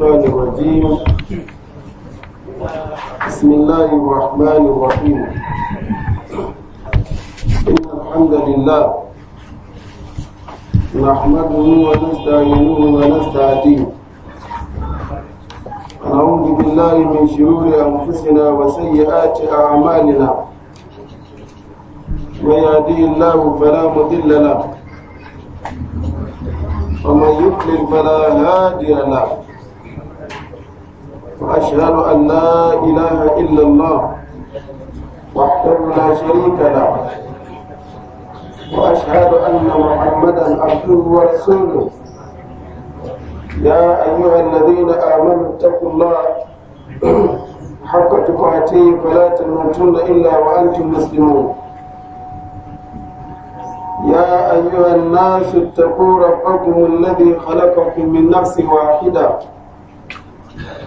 الرحمن الرجيم بسم الله الرحمن الرحيم إن الحمد لله نحمده ونستعينه ونستهديه نعوذ بالله من شرور أنفسنا وسيئات أعمالنا من يهديه الله فلا مضل له ومن يضلل فلا هادي له وأشهد أن لا إله إلا الله وحده لا شريك له وأشهد أن محمدا عبده ورسوله يا أيها الذين آمنوا اتقوا الله حق تقاته فلا تموتن إلا وأنتم مسلمون يا أيها الناس اتقوا ربكم الذي خلقكم من نفس واحدة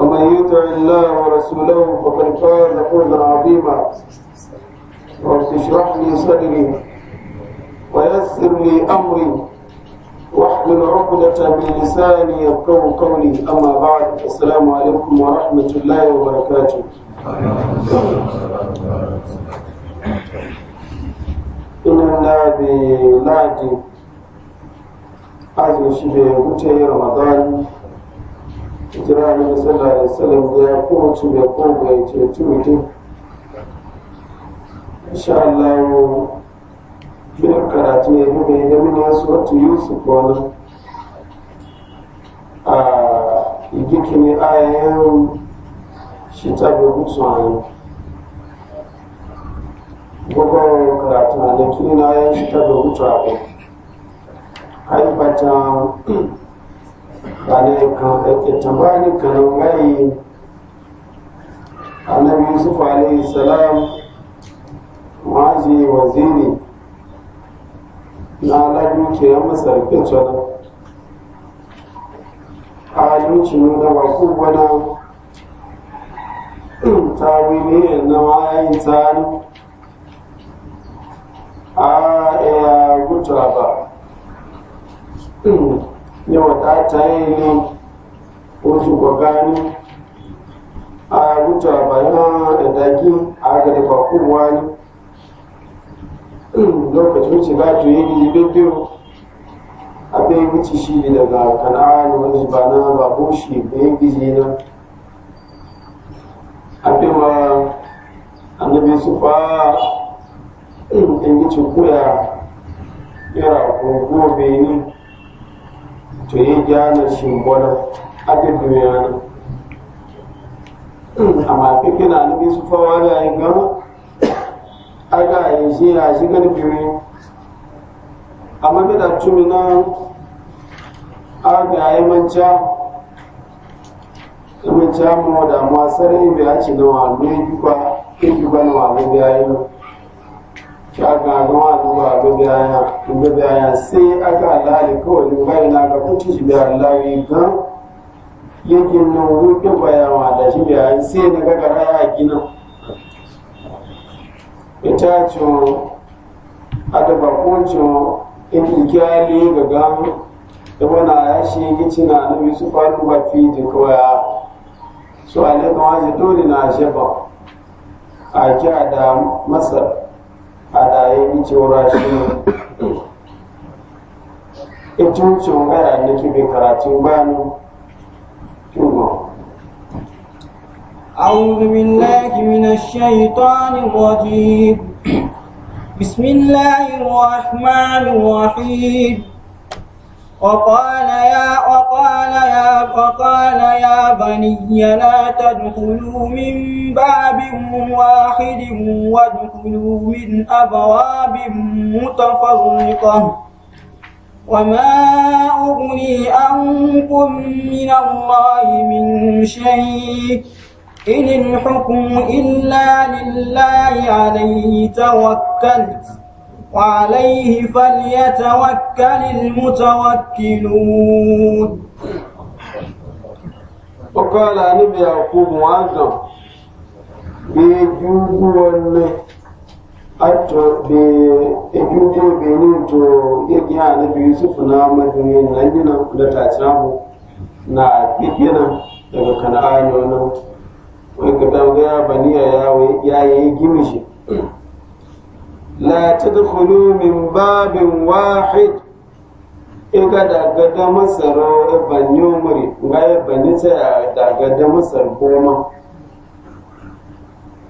ومن يطع الله ورسوله فقد فاز فوزا عظيما رب اشرح لي صدري ويسر لي امري واحلل عقدة من لساني يفقه قولي اما بعد السلام عليكم ورحمة الله وبركاته inna bi ladi azu shi رمضان jira ne sallallahu alaihi wasallam ya kuma ci ya kuma ya ce ci mutum insha Allah bin karatu ne mu ne mun ya suratu yusuf wannan a yiki ne ayan shi ta bi ne gogo karatu ne kina ayan shi ta bi gutsuwa ai bata bane kan tambani kan mai annabi yusuf alaihi salam waje waziri na alamu ke ya masar fitar. a yuci nuna ba ku gwana ta wili na wayan tsari a ya gutu ba yawa ka tayi ne wasu gwagani a wuta bayan da daki a da bakuwa ne hmm, lokacin wuce za ta yi ne bebberu abin wuce shi daga kan'ani wani ba na ba ko shi bai gizi na abin wa annabi su fa hmm, in gici koya yara gobe ne to yi gyana shimbona abin duniya na amma kake na alibi su fawa da yi gano aga yi shi ya shi gani biyu amma bi da tumi na aga yi manca manca mu da masarai bai haci da wa ne yi kwa kin yi ba na wa bai yi ga gawa duba gobe aya si aya sai aka alali kawai bai na ga kuci shi bai alali ga yakin nan wuke bayawa da shi bai sai na ga gara ya gina ita ce adaba ko ce in ga ga da wani shi na bi su faru ba fi na shaba a masar alaye ni cewa shi ne itun cin gaya na kibin karatun bani kyugo أعوذ بالله من الشيطان الرجيم بسم الله الرحمن الرحيم وقال يا وقال يا وقال يا بني لا تدخلوا من باب واحد وادخلوا من أبواب متفرقة وما أغني عنكم من الله من شيء إن الحكم إلا لله عليه توكلت وعليه فليتوكل المتوكلون وقال نبي يعقوب معظم بيجوب وني ato be ejude be ni to yegi ani bi yusuf na madini na nyina da ta tsamo na daga kana'ani wannan wai ga daga baniya ya yi gimishi la tadkhulu min babin wahid iga daga da ban yi ibn yumri ngai bani ta daga da masar goma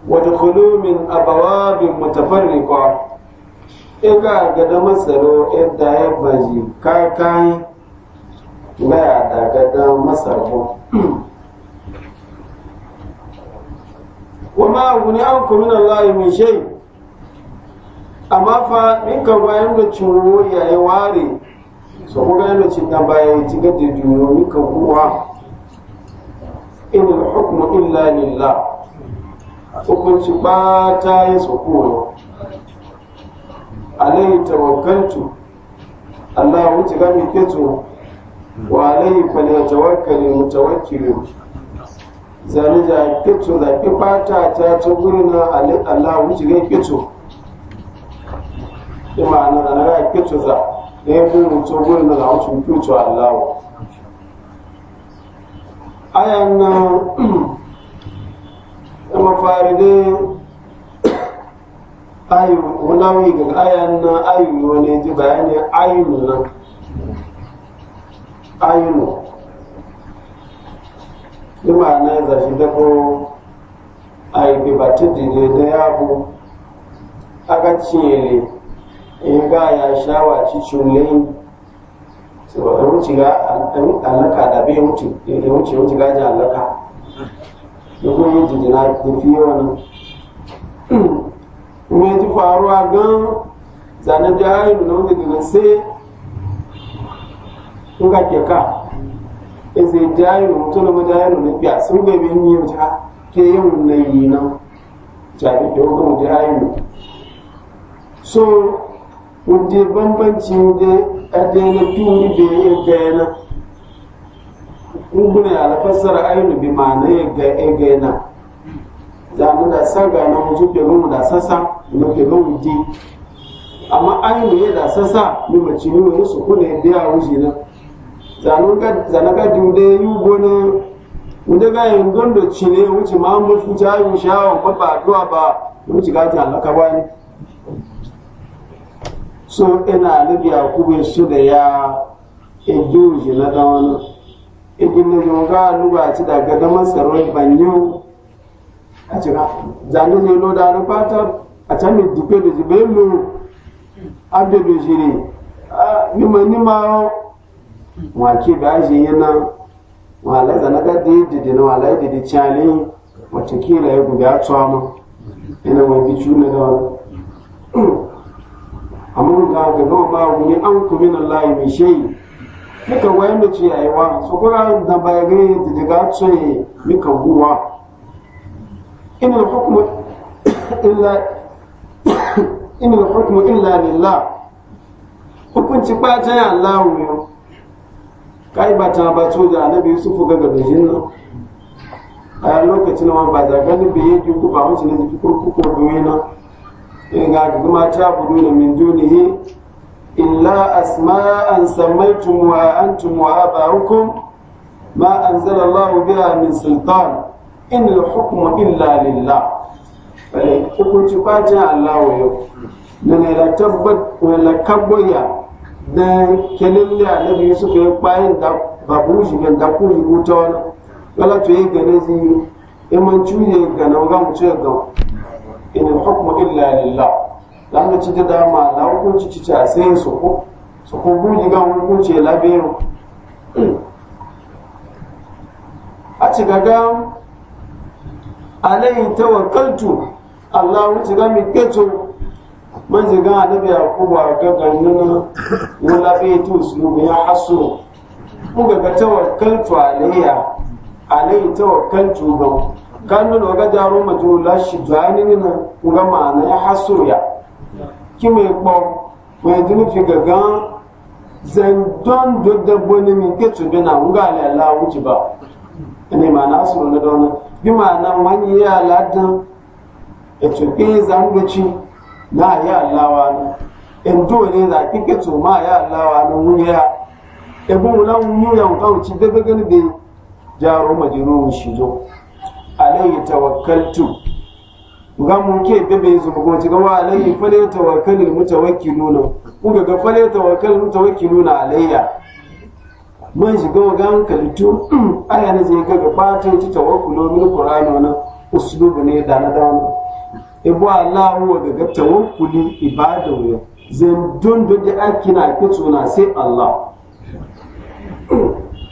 wa kulumin min abawabin mutafarriqa iga ga da masaro idda ya baji kakai ngai daga da masar goma وما أغني عنكم من الله من شيء amma fa in kan bayan da cewa ya yi ware so kuma yanda ci dan baya ci ga da juro min kan kuwa in hukmu illa lillah hukunci ba ta yi tsokoro alaihi tawakkaltu Allah wuce ga mi keto wa alaihi falyatawakkal mutawakkil zani da keto da ki fata ta ta gurina Allah wuce ga keto ima na ya naga kitu za da ya bin mutu gurin da ala cin kitu na amma dị ayu wulawi ga ayan na ayu wani ji bayani ayun nan ayun na za shi dabo ayi na ya bu aga ba ya shawa ci cunle saboda wuce ga allaka da bai wuce ya wuce wuce ga allaka da kuma yin jijina da fi wani kuma ji faruwa gan zanen da ya yi nuna wanda daga sai in ga ke ka da ya yi nuna ya yi nuna biya sun ga wuce ke yin yi nan da ya yi nuna so wunde bambanci wunde adena turi be ya gayana ngune ala fassara bi ma'ana ya ga ya na zanu da saga na mutu ke gumu da sasa mu ke di amma ayinu ya da sasa mu mace ni wani su kune biya wuce na zanu ga yugo na wunde ga yin gondo cile wuce ma mu shawon ba ba ga ta alaka wani so ina nabi yakubu su da ya ejuji na da wani igin na yunga luba ci daga da masarar banyo a cika zane ne lo da na fata a can mai dupe da jibe lo abu da jiri ni ma ni ma wake da aji yana wala zana ga da didi na wala didi cani watakila ya gubi a tsoma ina wani bicu na da amun ga ga ga an ku min Allah mi shay mika waye mi ci aiwa so ko da ba ga da daga ce mika guwa in al hukm illa in al hukm illa lillah hukunci ba ta ya Allah ne kai ba ta ba to da annabi Yusuf ga ga bijin nan a lokacin ma ba da gani bai ku ba mu ne ku ku na ga guma ta budu da min dunihi illa asma'an samaitum wa antum wa aba'ukum ma anzala Allah biha min sultan in al-hukmu illa lillah bale hukunci kwacin Allah wa yau na ne la tabbat wa la kabboya da kelille annabi Yusuf ya bayan da babu shi ga da ku yi wuta wala to yi gane zai yi imanci mun ga nan ga mu ce ga illa lillah lamba cita dama la hukunci cici a sai su ko su ko buji ga hukunci la bero a ci gaga alayhi tawakkaltu Allah wuce ga mi keto man ji ga annabi yakubu a ga ganin wala fetu su ya hasu mu ga tawakkaltu alayya alayhi tawakkaltu ga kanu da waga jaro majula shi jani ne na ma'ana ya ya ki me kpo mai dini fi gagan zandon da dabbo ne ke tube na nga ala la wuce ba ne ma'ana hasuru na dona bi ma'ana wani ya ladan ya e tube chi, na ya allawa e ne in dole za ki ke ma ya allawa ne wunya ebe mu lan wunya wuta wuce dabe gani da jaro majuru shi zo alayhi tawakkaltu ga mun ke bebe zumugo ci gama alayhi fale tawakkalu mutawakkiluna kuga ga fa fale tawakkalu mutawakkiluna alayya mun shiga ga kalitu aya ne je ga gabata ci tawakkulo min qur'ani wannan uslubu ne da na mu ibo Allah wa ga ga tawakkuli ibada wa zan don don da ake na kitsuna sai Allah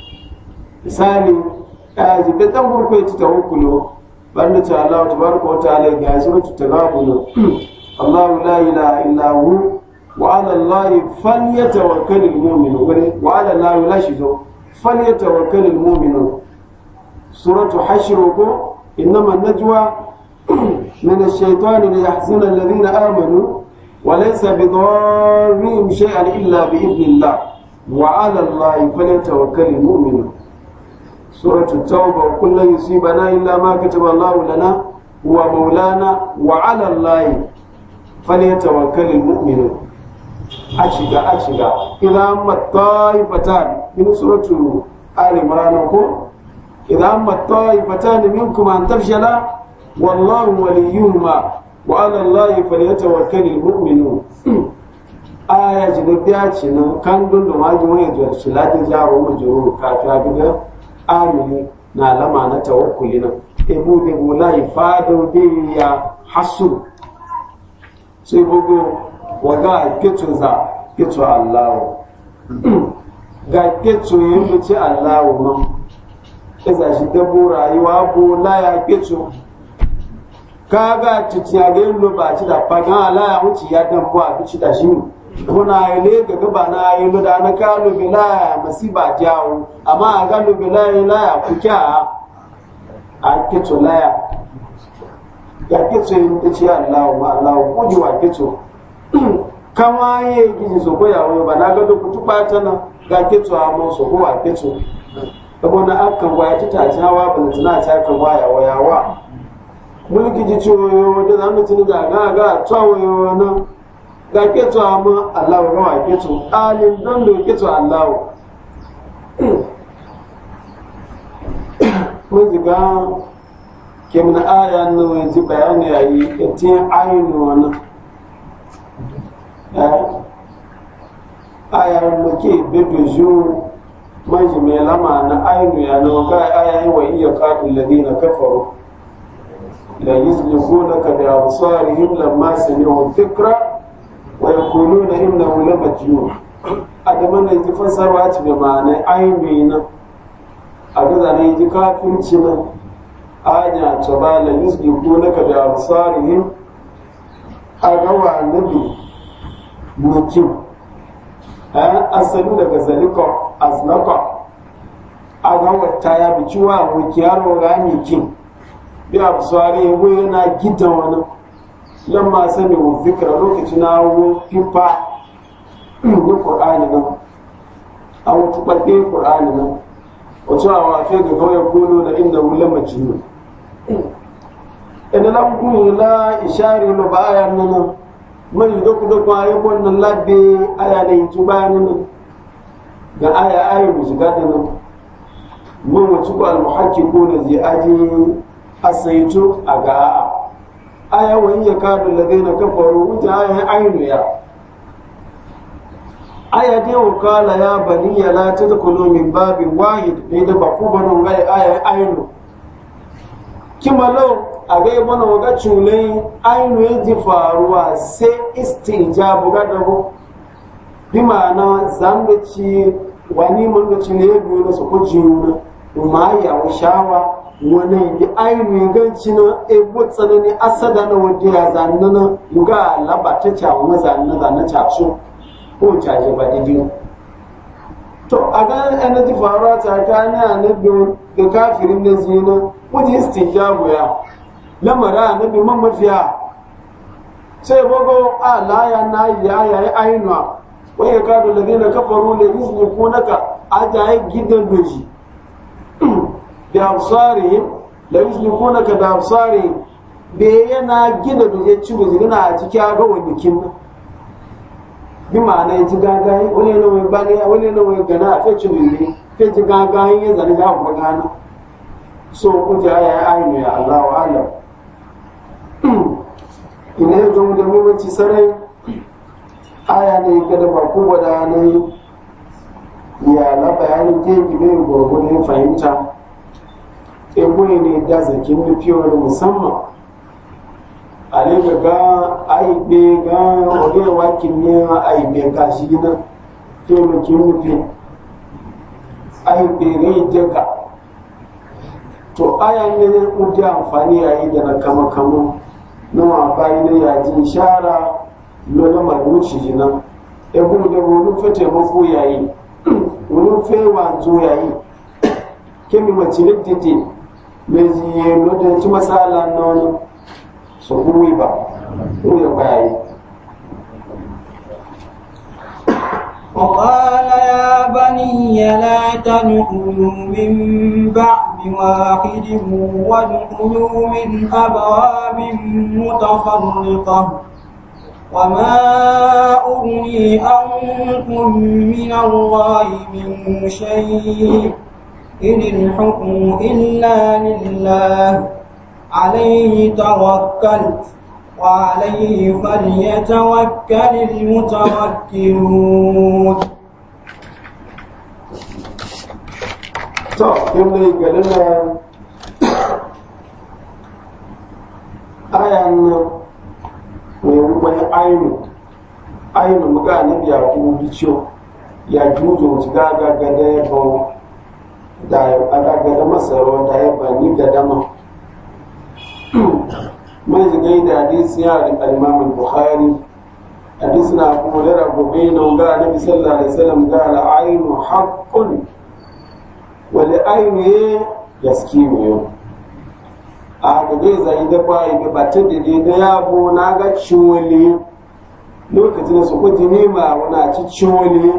misali kaji betan burko ya ta hukulo banda ta Allah tabaraka wa ta'ala ga suratu tagabulo Allah la ilaha illa hu wa ala Allah falyatawakkalul mu'minun wa ala Allah la shizo falyatawakkalul mu'minun suratu hashr ko innama najwa من الشيطان ليحزن الذين آمنوا وليس بضارهم شيئا إلا بإذن الله سورة التوبة وكل يصيبنا إلا ما كتب الله لنا هو مولانا وعلى الله فليتوكل المؤمنون أشجع أشجع إذا أما الطائفتان من سورة آل عمران إذا أما الطائفتان منكم أن تفشلا والله وليهما وعلى الله فليتوكل المؤمنون آية جنبياتنا كان دون ما جمعي جوال شلاتي جارو مجرور كافي alumu na alama na tawakkuli na ebu de bula ifado de ya hasu sai gogo waga ketu za ketu allahu ga ketu yin mutu allahu nan iza shi dabo rayuwa bula ya ketu kaga tutiya ga yin lo ba ci da fagan ala ya wuce ya dan bu a bici da shi kuna ile ga gaba na yi da na kalu ya masiba jawo amma a galu bilaya laya ku kya a kito laya ya kito yin ta ce ma allahu ko ji wa kama ya yi so koya ba na gado ku tuba ta ga kito a ma so wa kito kabo na akan waya ta tace hawa ba na ta ya waya waya wa mulki ji da zamu ga ga ga tsawo na ga keto amma Allah wa rawa keto alim don do keto Allah mun zika ke mun eh, aya nan wai ji bayani yayi etin ayinu wannan aya mu ke bedo ju manji mai lama na ayinu ya nan ga aya yi wa iya kadu ladina kafaru la yuzlifuna ka bi absarihim lamma sami'u dhikra wa yaquluna na la majnun adaman ne ji fasarwa ci da ma'ana ainihi nan a ga zane ji kafirci nan anya ta ba la yusbi ko na ka da absarihim a ga wa nabi mukim asalu daga zalika aznaka a ga wata ya bici wa mukiyar wa ga mikin bi absarihim ko yana gidan wani lamma sani wa zikra lokaci na wo fifa ga qur'ani nan a wata ɓarɗe qur'ani nan wato a wafe ga gawar golo da inda wula majinu ina lan kun la ishari lo ba aya nan mai doku doku yi wannan labbe aya da yin tuba nan ga aya ayi mu shiga da nan mun wato al muhaqqiquna zai aji asaitu a a'a aya wa in yakadu alladhina kafaru wuce aya ainu ya aya dai wa kala ya bani ya la tadkhulu min babin wahid dai da baku bano ngai aya ainu kimalo aga bana waga culai ainu ya ji faruwa sai istijabu ga dabo bi ma'ana zambaci wani mun ga cile biyu na su ko na ma ya shawa wani yi ainihin ganci na ebo tsanani asada na wadda ya zanna na muga labata cawo zanna zanna caco ko caje ba biyu to a ganin ji faruwa ta a na biyu da kafirin da zina wajen istijabu ya lamara biyu man mafiya sai bago a laya na ya yayi ainiwa wai ya kado da na kafaru da rizmi ko naka a jaye gidan doji bi absarihim la yuslikunaka bi absarihim be yana gina duje ci buzi gina a cikin wani kin bi ma'ana ya ji gagaye wani yana wani bane wani yana gana a fecin duje ke gagaye ya zane ya kuma gana so kuta ya ayi mai allah wa allah ina yau don da muhimmanci sarai aya ne ga da ba ku da ne ya la bayanin ke gibe gurgurin fahimta eboye ne da zakin nufi musamman a ne ga ga aibe ga ogewa kimiyya aibe ga shi gina taimakin nufi aibe ga yi daga to aya ne ne kuɗi amfani a yi da na kama kama na wabayi na yaji shara lola maruci gina eboye da wani fe taimako yayi wani yayi kemi mace ne men si ye lo de ci masala non so bu wi ba o yo bay o qala ya bani ya la tanqulu min ba'di waqidin wa nqulu min abwabin mutafarriqa وما أغني عنكم من الله من شيء إن الحكم إلا لله عليه توكلت وعليه فليتوكل المتوكلون to yadda ya gani na ayan nan ne wani ainu ainu muka anibiya ko biciyo ya jujo gaga gada da aka gada masaro da ya bani gada dama. mai zigai da hadisi ya da al bukhari hadisi na kuma da rabu na ga annabi sallallahu alaihi wasallam ga wani ainu haqqun wal ainu yaskimu a ga dai zai da bai ga batun da dai da yabo na ga ciwoli lokacin da su kuji nima wani a ci ciwoli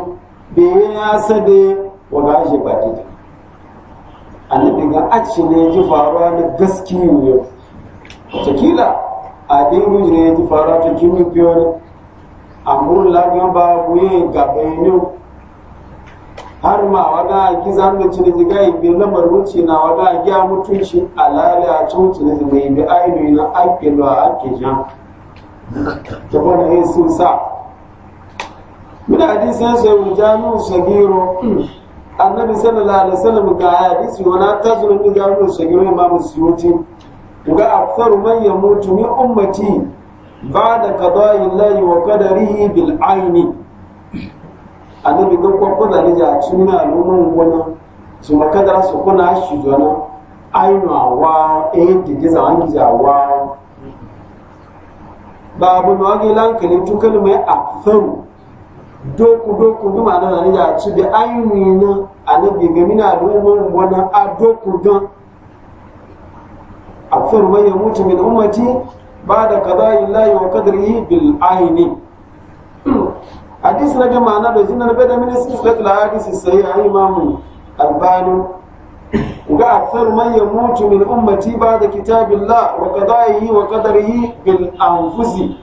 bai ya sade wa ga shi ba dai annabi ga aci ne ji faruwa na gaskiyu yau takila a dingu ne ji faruwa ta kimi fiyoni ne amuru ba buye ga bayanu har ma waga ki zan da cin ji gai biyu lamar wuce na waga ya mutunci alala a cuci da mai bi ainihi na ake lura a jan ta bana yin sun sa muna hadisan sai wujanu shagiro annabi sallallahu alaihi wasallam ga hadisi wana tazuru min zamu shagiru ma musyuti ga aktharu man yamutu min ummati ba'da qada'i llahi wa qadarihi bil aini annabi ga ko da ni ja cimina lumun gona su makadara su kuna shi jona ainu awa eh za an giza wa babu no agilan kalin tukal mai aktharu doku doku bi ma na ni ya ci da ayi na anabi ga mina da umar wana a doku gan akthar ya mutu min ummati ba'da qada'i layi wa qadrihi bil ayni hadis na ga ma'ana da zinar bada min sifat al hadis sai ai imam albani ga akthar ya mutu min ummati ba'da kitabillah wa qada'ihi wa qadrihi bil anfusi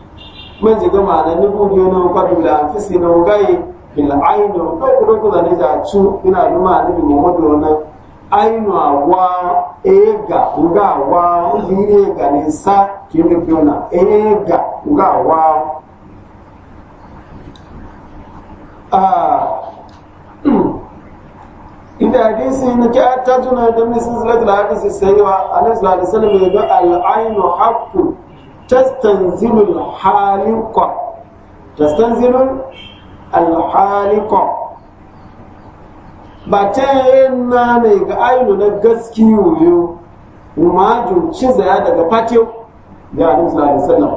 man jiga ma'ana ni buge na kwa bila na ugai bil ainu ko kuma ko da ne ta cu ina luma ni bi muhammadu na awa ega awa ga sa ki ne kiona ega awa na ki ta tuna da misalin salatul hadisi sai wa annabi sallallahu al ainu تستنزل الحالقة تستنزل الحالقة ba ta yana ne ga ainu na gaski yoyo umajin ya daga fatiyo ga alim sallallahu sallam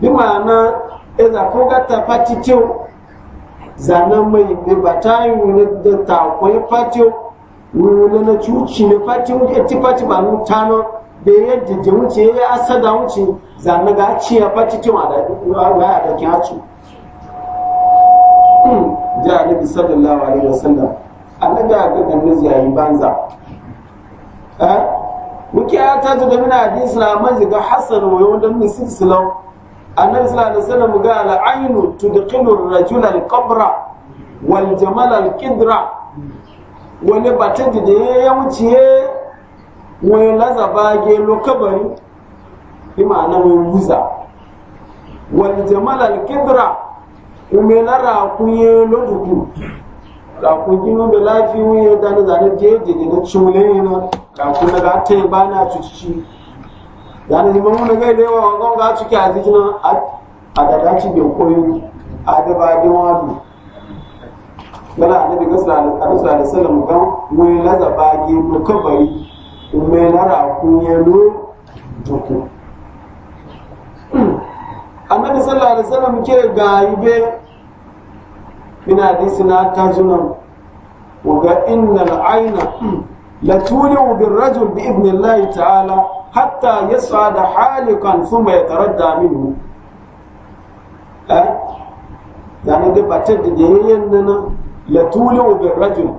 bi ma'ana iza ko gata fatiyo zanen mai ne ba ta yi wani da takwai fatiyo wani na cuci ne fatiyo ya ci fati ba nun tano bere da da wuce ya asada wuce zanna ga ci ya fati tun da ya da kyacu hmm, ja nabi sallallahu alaihi wasallam annabi ga ga ganin yayi banza eh muke ta da min hadis na manzi ga hasan wa wanda min silsilan annabi sallallahu alaihi wasallam ga al ainu tudqilu ar-rajul al-qabra wal jamal al-qidra wani batun da ya wuce wani laza bage lokabari ima na wani wuza wani jamal alkidra ume na rakunye loduku rakun gino da lafi wuye da na zane jeje da na yi na rakun na gata ya ba na cuci zane zima muna gai da yawa wakon ga ciki a jikin a da daci bai koyi a da ba da wani gana a nabi gasar alisallam gan wani laza bage lokabari ume lara lu duku annabi sallallahu alaihi wasallam ke gaibe min hadisina tajunan waga innal aina la tuliu bil rajul bi idnillahi ta'ala hatta yas'ada halikan thumma yataradda minhu eh yani da batar da yayin nan la tuliu bil rajul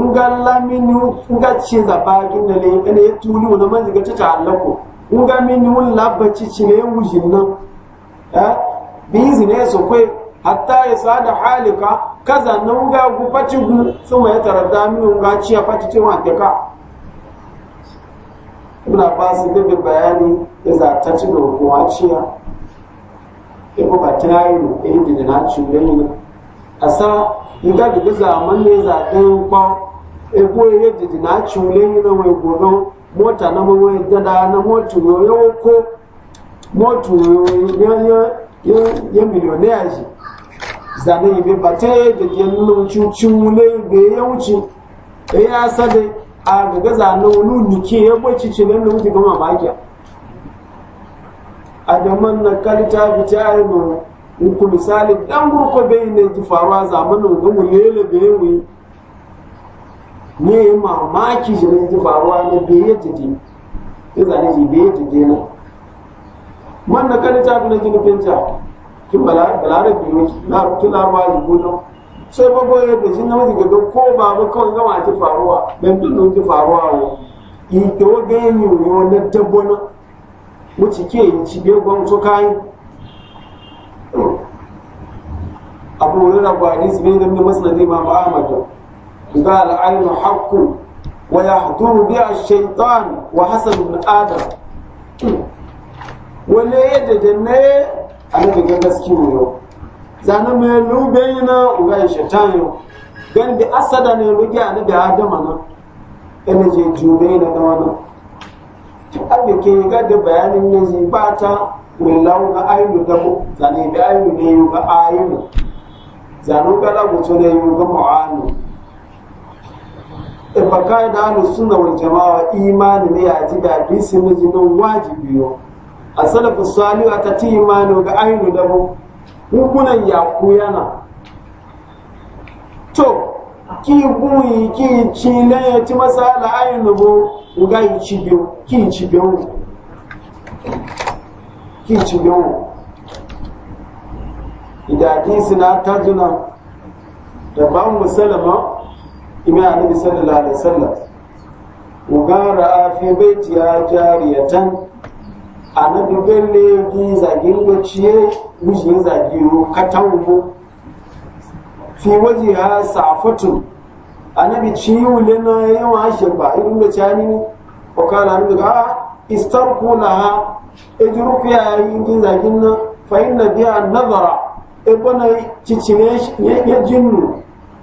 nga lamini nga cinza bagin na ne kana ya tuli wani man ziga ta ta'allako nga mini wun labbaci cine ya wujin nan eh bizi ne so kai hatta ya sada halika kaza nan nga gu fati gu sun ya taradda mini nga ciya fati ce wa ka ina ba da bebe bayani ya za ta ci da kuma ciya ya ko ba tinayi ne ya yi da na ciwo ya yi asa nga da gaza man ne za ɗan kwan egwu ihe jiji na achị ule enyi na egwu no mota na mwe dada na motu yo yo ko moto yo yo zane ibe bate de je no chu chu ule be yo ya na a gaga niki e bo na ne no diga ma na kalita bita no ku misali dan gurko bai ne ne mamaki shi ne faruwa na beye titi ya zane shi na man na kan ta na jini pinta ki bala bala da biyo na tuna ba yi gudu sai ba ba yadda shi na wani gaga ko ba ba kawai gama ti faruwa dan tun ti faruwa wo i to ga yi yo na tabbona wuce ke yi ci be gwan to kai abu ne da قال العين حق ويحضر بها الشيطان وحسن ابن آدم wale yadda da ne a nan daga gaske ne yau zanen mai lube na ugayen shaitan yau gan da asada ne ruge a nan da adama nan yana je na dawa nan abin ke bayanin ne zai ba ta willawo ga ainu da mu zane da ne ba kai da ahlus sunna wal jamaa imani ne ya ji da hadisi ne ji don wajibi yo a salafus salih aka ti imani ga ainu da mu hukunan ya kuyana to ki guyi ki ci ne ya ci masala ainu bo ga yi ci biyo ki ci biyo ki ci biyo idan hadisi na tajuna da ba mu salama ime annabi sallallahu alaihi wasallam a fi baiti ya jariyatan annabi belle gi zagin gociye zagi zagiyo katawu fi waje ha safatun annabi ciwu ne na yawa shirba irin da cani ne ko kana annabi ga istarku laha ejruku ya yi gin zagin na fa inna biya nazara ibana cicine ya jinnu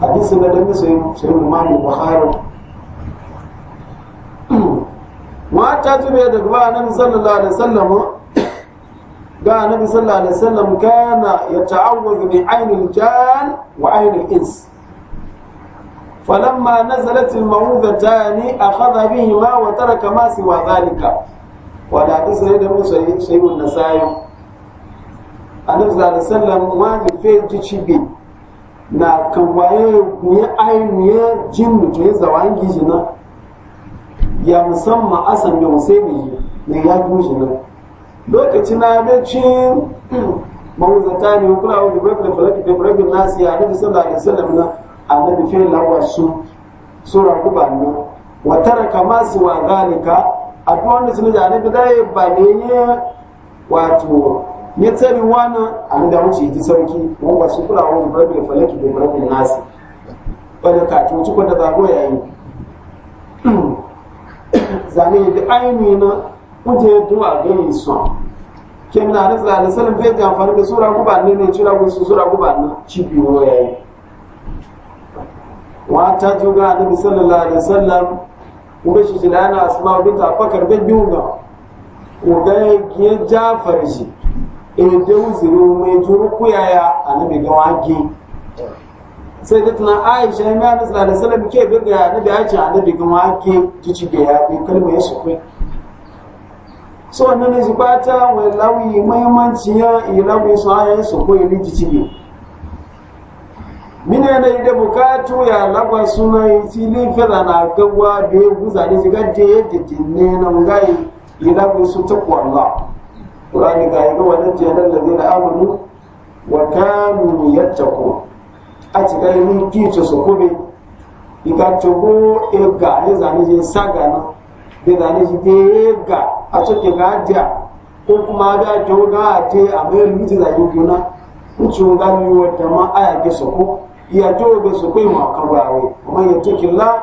hadisi na dami sai imamu buhari wata tube daga ba annabi sallallahu alaihi wasallam ga annabi sallallahu alaihi wasallam kana yata'awwadu bi ainil jan wa ainil ins فلما نزلت الموعظتان أخذ بهما وترك ما سوى ذلك ولا تسرد من شيء النسائي النبي صلى الله عليه وسلم واجب في تشبيه na kan waye kuye ainiye jin mutu ya zawa giji na ya musamman asan ya musaimi ne ya juji na lokaci na bacin mawuzata ne kula wa da bakin falaki da bakin nasi ya nabi sallallahu alaihi wasallam na annabi fi lawa su sura kuba ne wa taraka ma wa zalika a duk wanda sun da annabi da ya bane wato ya tsari wani a da wuce ji sauki wani ba su kula wani rabin falaki da rabin nasi wani kaki wuce kwanta ba ya yi zane da aini na kuje duwa gani su kin na rizal da sanin fai amfani da sura guba ne ne cira gusu sura guba ne cibiyo ya yi wata juga annabi sallallahu alaihi wasallam kuma shi jilana asma ta fakar bin biyu ga ko ga ya jafar shi ede uzuri mai juru kuya ya annabi ga wagi sai Aisha na aisha na da salam ke bi ga annabi aisha annabi ga wagi kici da ya bi kalma ya shukwai so wai lawi muhimmanci ya su ayan su ko ili mine ya lagwa suna na gawa da guza dị na ƙurani ga yi gawa na jiyanar da zina amonu wa kanu yadda ko a ti ga yi kice su kome ega ne zane shi saga na be zane shi de ega a soke ga adiya ko kuma ga kyau ga a mai luti da yi gona wuce ga ni wa dama ke soko iya to be soko ma kawai ya tokin la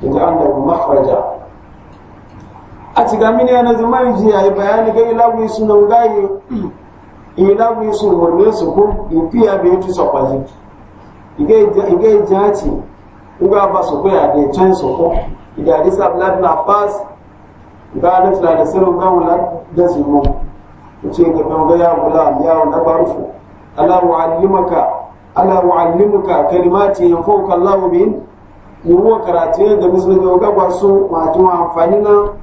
ya ji an a ci ga mini yana zama yi ji yayi bayani ga ilagu yi sunan gaye ilagu yi sun warwe su kun yufiya bai yi tusa kwaji iga yi jaci uga ba su kuya da ya can su kun iga di sabla na bas ga na fila da sirrin ga wula da su mu ku ce ga ban ga ya wula ya wula barufu ala wa wa'allimaka ala wa'allimuka kalimati yanfauka Allahu bin ni ruwa karatu ga misalin ga gwasu wato amfani na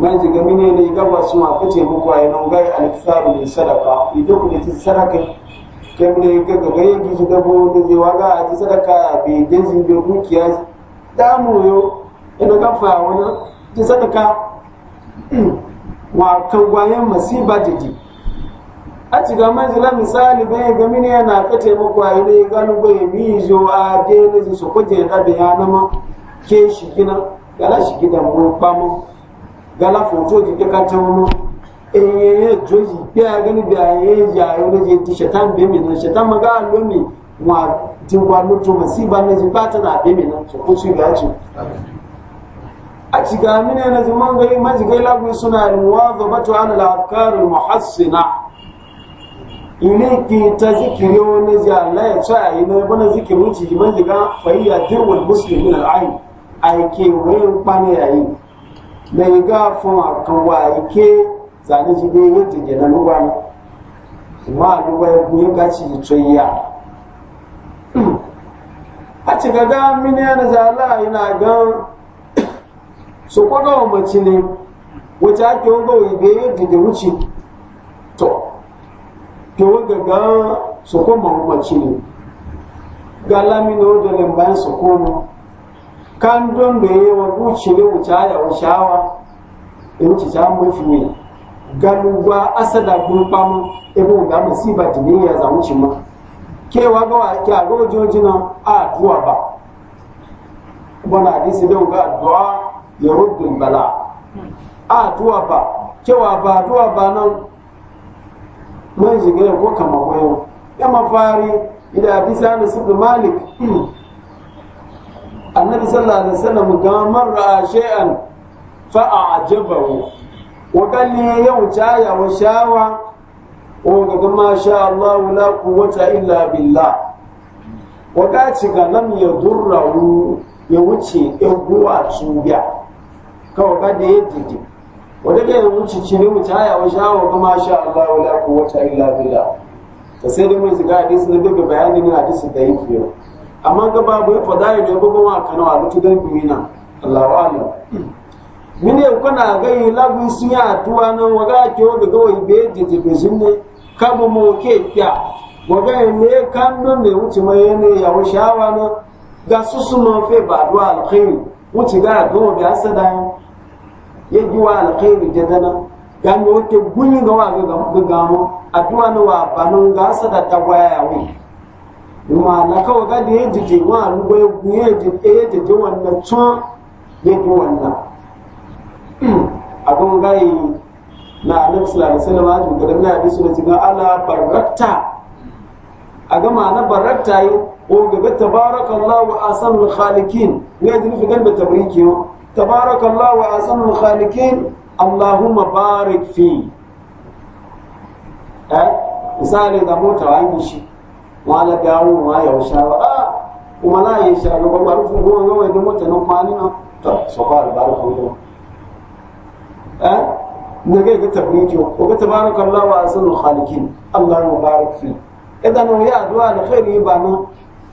man jiga mine ne ga wasu ma kace muku ayi nan gai al-iksaru min sadaqa ido ne ci sadaka kem ne ga ga gai ji da bo da je waga a ji sadaka be gezi be dukiya da mu yo ina ga fa wani ji sadaka wa kan gwayen masiba didi a ci ga manzila misali bai ga mine yana kace muku ayi ne ga bai mi jo a de ne su kuje da bayanama ke shi kina kala shi gidan mu bamu gala foto ji ke kata wani eh joji bi a gani bi a ye ya yo ne je ti shaitan mi na ma ga lo mi wa ti wa to ma si ba ji ba ta na be mi na ko shi ga ci a ci ga mi ne na zaman gari ma ji ga lagu suna ni wa zo ba to an muhassina ile ki ta zikiri wani ji Allah ya ci a yi na bana zikirin ci ji man muslimin kwane yayin na yi gafin a ike zane ji dai yadda gina luwan ma luwa ya kuyi gaci a ci gaga mini yana zala na gan su kwaga wa mace ne wacce ake wanga ibe yadda da wuce to ke wanga gan su ne ga lamina wadda lambayan su kan don da yi wa wuce ne wuce ya wushawa ta mafi ne ganuwa asada gurbamu ebe ga musiba duniya za wuce ma kewa ga wake a gojoji nan a addu'a ba bana hadisi da ga addu'a ya ruddin bala a addu'a ba kewa ba addu'a ba nan mun ko ya mafari su malik annabi sallallahu alaihi wasallam ga marra shay'an fa a'jabahu wa kalli yau chaya wa shawa o ga ma sha Allah la quwwata illa billah wa ga ci ga lam yadurru ya wuce eguwa tsubiya kawo ga da yadda wa da ya wuce ci ne mu chaya wa shawa ga ma sha Allah la quwwata illa billah ta sai dai mun shiga hadisi na daga bayanin hadisi da yake yau amma ga babu ya fada ya gobe wa kana wa lutu dan biyina Allahu alam mine kana ga yi lagu sun ya tuwa na waga ke waga ga wai be je je be jinne ka bu mo ke kya waga ne kan don ne wuce mai ne ya shawa na ga susu mo fe ba duwa alkhairi wuce ga ga wa bi asada ya ji wa alkhairi jadana ga ne wuce gunyi ga wa ga ga mu addu'a na wa banon ga asada ta waya wai ma na kawo ga da ya je wa ruwa ya guye ya jije wannan tun ya ji wannan abin gai na alif sallallahu alaihi wasallam ajin gudun na hadisi da jiga ala barakta a gama ma'ana barakta yi ko gaba tabarakallahu wa asan khaliqin ne ji nufi galba tabriki tabarakallahu wa asan khaliqin allahumma barik fi eh, misali da mota yi shi wala gawo wa ya wa a kuma na yi sha ga babu rufu goma goma da mota nan kwani na to so ba da rufu goma eh ne ga ta tabbiji ko ga tabarakallahu wa asnul khaliqin allah mubarak fi idan ya addu'a da khairi ba na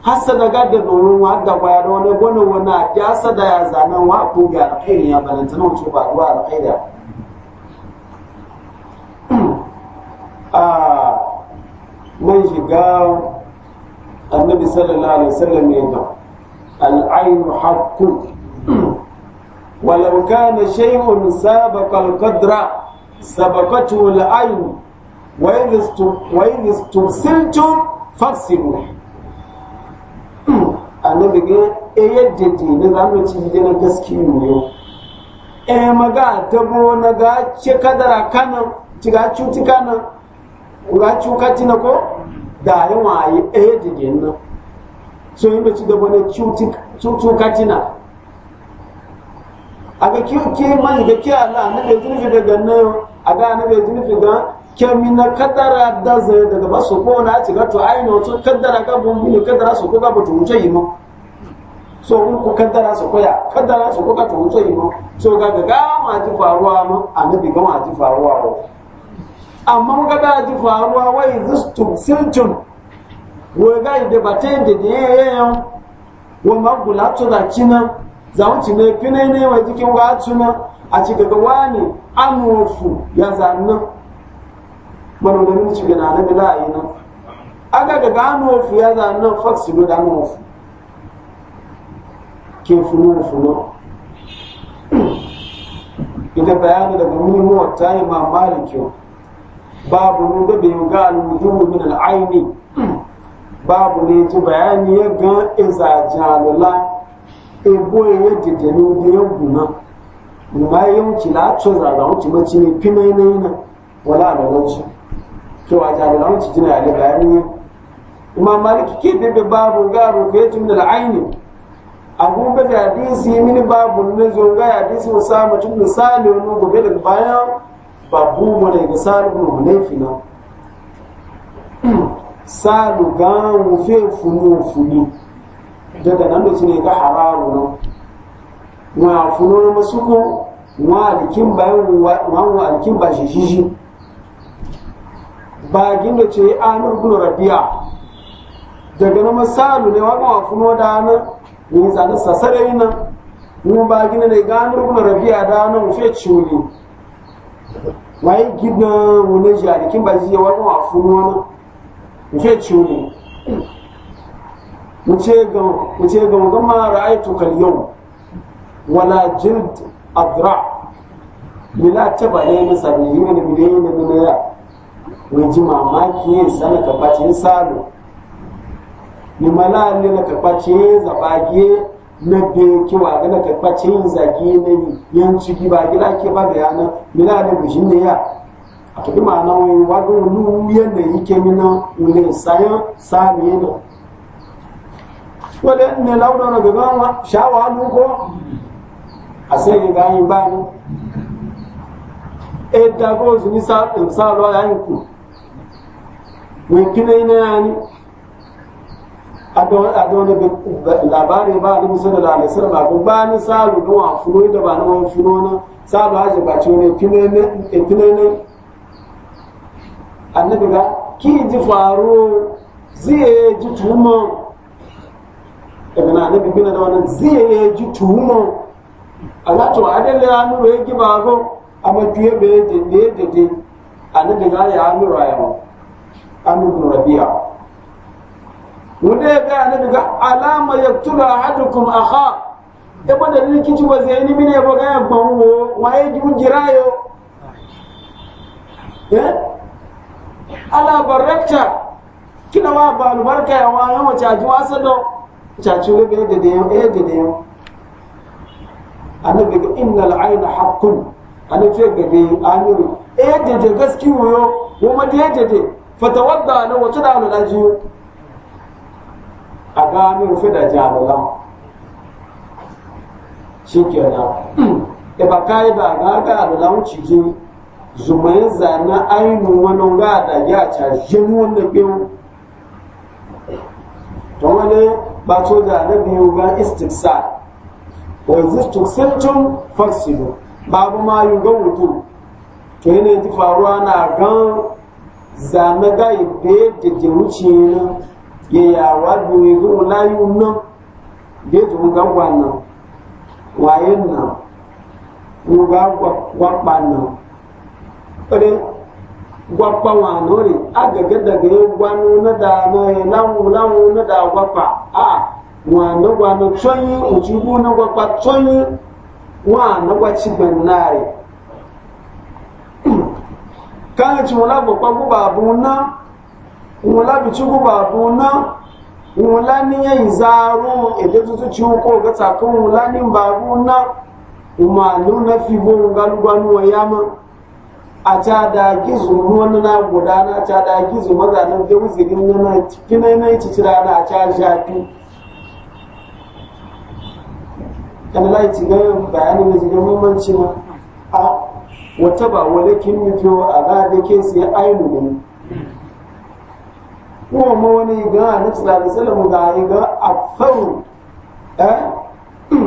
hasada ah, ga da domin wa da baya da wani gona wani a ya da ya zanen wa ko ga alkhairi ya balanta na wuce ba addu'a alkhairi a mai shiga النبي صلى الله عليه وسلم يقول العين حق ولو كان شيء سابق القدر سبقته العين وإن استرسلتم wa annabi ga e yadda te na zamu ci je na gaskiya ne e maga tabo na ga ce kadara ci ga cuti ga cuka tina ko ga yi waye ɗaya jigin nan so yi mace da na cutukatina a ga ke mani ga ke ala na bai zurfi ganna a ga na bai zurfi ga kemi na kadara da daga ba su ko na ci ainihin wato kadara ga ne kadara su ko ga ba wuce yi so kadara su ya, kadara su ko ga wuce yi ma so ga ga ma ji faruwa ma a ga ma ji faruwa ba amma ga da ji faruwa wai zistun sintun wai ga da batain da da yayin wa magula to da kina za mu ci ne fine ne wai jikin wa tuna a ci daga wani anofu ya zanna mana da mun ci ga na da la yi nan aga daga anofu ya zanna faksi do da anofu ke funu funu ida bayani daga minimu wa tayi ma malikiyo babu ne da bai ga alwujuhu min al'aini babu ne ji bayani ya ga iza jalula ebo ya didani da ya guna ma ya wuce la tso zaza wuce mace ne fi mai nai na wala da wuce to a jalula wuce jina ya da bayani ya imam maliki ke bebe babu ga rufetu min al'aini abu ga hadisi mini babu ne zo ga hadisi musamman tun misali wani gobe daga bayan babu mu ne ga salu mu ne fina salu ga mu fe funu funu daga nan da ne ga hararu nan wa funu masuko wa alkin bayan wa wa alkin ba shi shi ba gindo ce amir bin rabi'a daga nan masalu ne wa ga funu da nan ni zan sasare ina mu ba gina ne ga amir bin rabi'a da nan fe ciwo waye gidan wune jarikin kin ba zai wani wa funu wani muke ciwo ne muce ga ma ra'aitu kan ra'aytu kal yau wala jild adra bila taba ne na sabili ne yi na ne ya wai ji mamaki ne sana ka bacin salo ni mala ne na ka bacin zabagiye na biyu kiwa gana ta kwace yin zage na yanci ki ba gida ke ba da yana mina da gushin ne ya a tafi ma'ana wani wadda wani yadda yi ke mina wani sayan sami yana wadda ne launar da gaban shawa nuko a sai ya gani ba ni e da ko su ni sa sa lo ya yi ku wani kina yana adon labari ba a nufin da lalisar ba ko ba ni salu don a furo da ba na wani furo na salu haji ba ce wani eh, finene annabi ga ki ji faro zai ji tuhuma ibn annabi bin da wannan zai ji tuhuma ala to adalla ya nuru yake ba go amma tuye be de de de annabi ga ya nuru ayo annabi rabi'a wanda ya gaya na daga alama ya tura a ha ya bada rikici ba zai ni ya ba gaya ba wo waye ji jira yo eh ala barakta kina wa ba albarka ya wa yawa caji wasa do caji we ga da yau eh da yau annabi ga innal ayna haqqun annabi ga da amiru eh da da gaskiyo yo kuma da da fatawadda na wata da alajiyo tsakanin rufe da jarula shi kenan ka yi ba ga ga alulan cikin zumayin zane ainu wani ga da ya cajin wanda biyu ta wani ba to da na biyu ga istiksa wa istiksintun faksilu babu ma yi ga wutu to yana ji faruwa na gan zane ga ibe da jiruci wuce na ye ya wa duni ko la yu no de to ga wa no wa ga ore gwa wa ga da ga gwa na da no ye la wu la wu na da gwa pa a wa gwa tsoyi ji bu gwa pa tsoyi na re kan ci wula bici guba buna wula ni ya yi zaro ede tutu ci ko ga ba buna umaru na fi bon galuganu wa yama a ta da gizo ruwan na gudana a ta da gizo mazanin da wuzirin na kinai na ci cira na a ta shafi kan lai ci ga bayanin da jirin muhimmanci ma a wata ba kin mutuwa a ga da ke sai ainihin ko ma wani ga annabi sallallahu alaihi ga yi ga afaru eh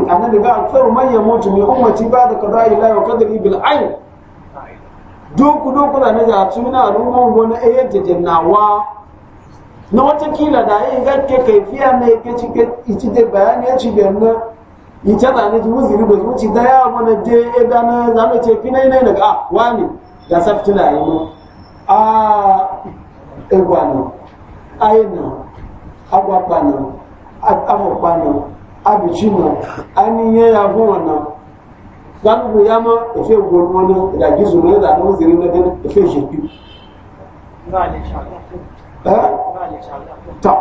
annabi ga afaru man yamutu min ummati ba'da qada'i la wa qadri bil ayn doku doku na ja tuna al'umman gona jannawa na watakila da yi ga ke na yake cike ici da bayani ya ci da na yi ta zane ji wuziri da zuci da ya mana je ya ce wani da mu a aina na, agwakwana abichina ani ye ya vona zan ya ma efe gwonwona da gizo ne da efe jepi eh? ta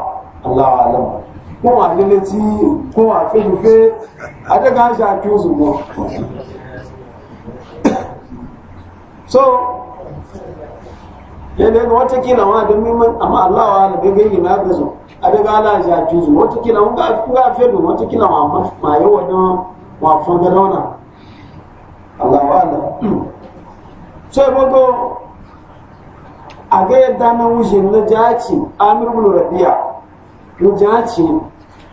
Allah alam ko wa lele ti ko sha so daidai wata watakila wa da miman amma Allah wa da bai gani na gazo a daga ala ja juzu watakila mun ga ga fedo watakila ma ma yawa da wa fa ga dauna Allah wa da so e bogo a ga yadda na wuce na jaci Amir bin Rabi'a mu jaci